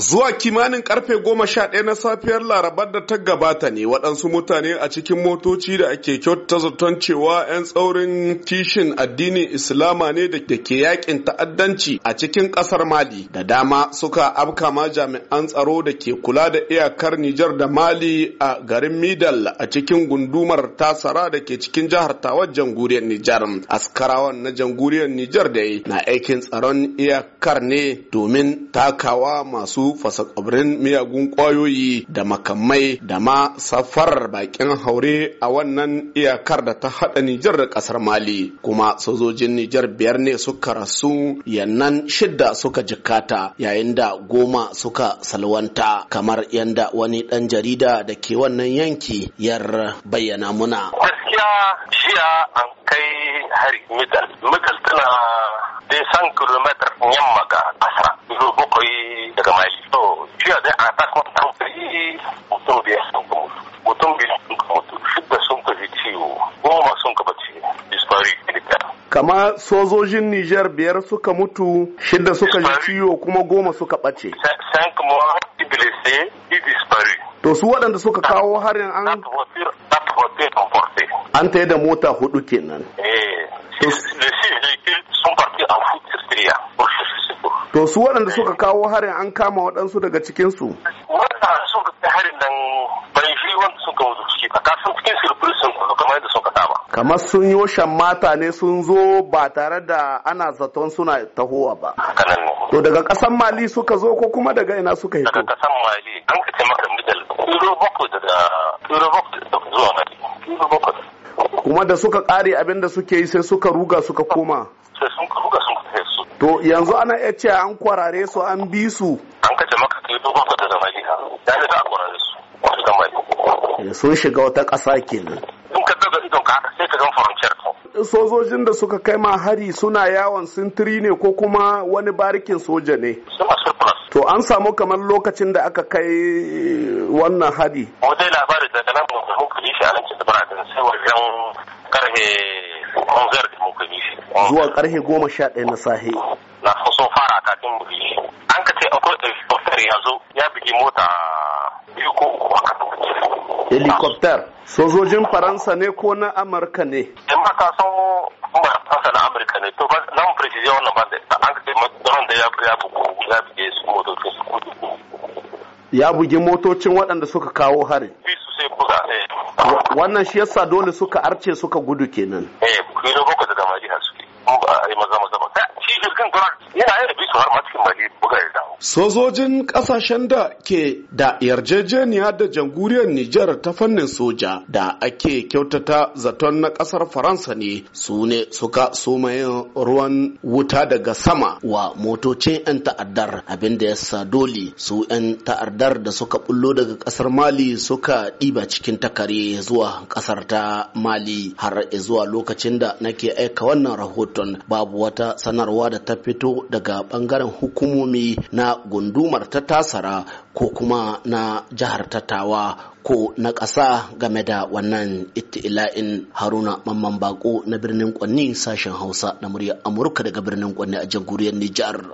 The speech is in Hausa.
Zuwa kimanin karfe goma sha ɗaya na safiyar larabar da ta gabata ne waɗansu mutane a cikin motoci da ake kyauta zaton cewa 'yan tsaurin kishin addinin Islama ne da ke yakin ta'addanci a cikin ƙasar Mali da dama suka afka ma jami'an tsaro da ke kula da iyakar Nijar da Mali a garin Midal a cikin gundumar Tasara da ke cikin jihar Tawar Janguriyar Nijar. Askarawan na Janguriyar Nijar yi na aikin tsaron iyakar ne domin takawa masu Fasa fasakobrin miyagun kwayoyi da makamai da ma safarar bakin haure a wannan iyakar da ta haɗa Nijar da ƙasar Mali kuma sojojin Nijar biyar ne suka rasu yannan shidda suka jikkata yayin da goma suka salwanta kamar yanda wani ɗan jarida da ke wannan yanki yar bayyana muna. Gaskiya jiya an kai hari mital. Mital tana san kilomitar. yamma ga asara. kama sojojin Nijar biyar suka mutu shida suka ji ciwo kuma goma suka ɓace. To su waɗanda suka kawo harin an an ta da mota hudu kenan. Eh, to su waɗanda suka kawo harin an kama waɗansu daga cikinsu. Waɗanda suka harin nan bai shi wanda suka wuce ciki, a kasan cikin sirfir sun kuma kamar yadda suka kama. kamar sun yi mata ne sun zo ba tare da ana zaton suna tahowa ba to daga kasan mali suka zo ko kuma daga ina suka hito daga kasan mali an ka maka middle turo daga turo zuwa mali turo kuma da suka kare abin da suke yi sai suka ruga suka koma sai sun ruga sun kai su to yanzu ana iya ce an kwarare su an bi su an ka ce maka turo bakwai daga mali ya ne za a kwarare su eh, sun shiga wata ƙasa kenan sauka sai ka zama furanciyar ka. Sojojin da suka kai ma hari suna yawon sintiri ne ko kuma wani barikin soja ne? Suna surplus. To an samu kamar lokacin da aka kai wannan hari. wajen labarin labari daga nan mu muka yi shi a nan cikin sai wajen karfe ƙungiyar da muka yi shi. Zuwa karhe goma sha ɗaya na sahi. Na so fara kafin mu yi shi. An ka ce akwai ɗaya ya zo ya bugi mota biyu ko uku a kan helicopter sojojin faransa ne ko na amurka ne in ba ka san ba faransa na amurka ne to ba nan firjiya wannan ba da an kai drone da ya ya bugu ya buge su motocin su ya bugi motocin waɗanda suka kawo hari buga. su. Eh. wannan shi yasa dole suka arce suka gudu kenan eh kilo boko daga madina suke ba a yi maza maza ba shi jirgin yana yin bisu har ma cikin madina buga da. Sojojin ƙasashen da ke da yarjejeniya da jamhuriyar Nijar ta fannin soja da ake kyautata zaton na ƙasar Faransa ne su ne suka yin ruwan wuta daga sama wa motocin 'yan ta'addar abinda ya sa doli su 'yan ta'addar da suka bullo daga ƙasar Mali suka ɗiba cikin takare zuwa ƙasar ta Mali har zuwa lokacin da nake aika wannan rahoton babu wata sanarwa da ta fito daga ɓangaren hukumomi na gundumar ta tasara ko kuma na jihar tattawa ko na ƙasa game da wannan ittila'in haruna mamman bako na birnin kwanni sashen hausa na murya amurka daga birnin kwanni a jamhuriyar nijar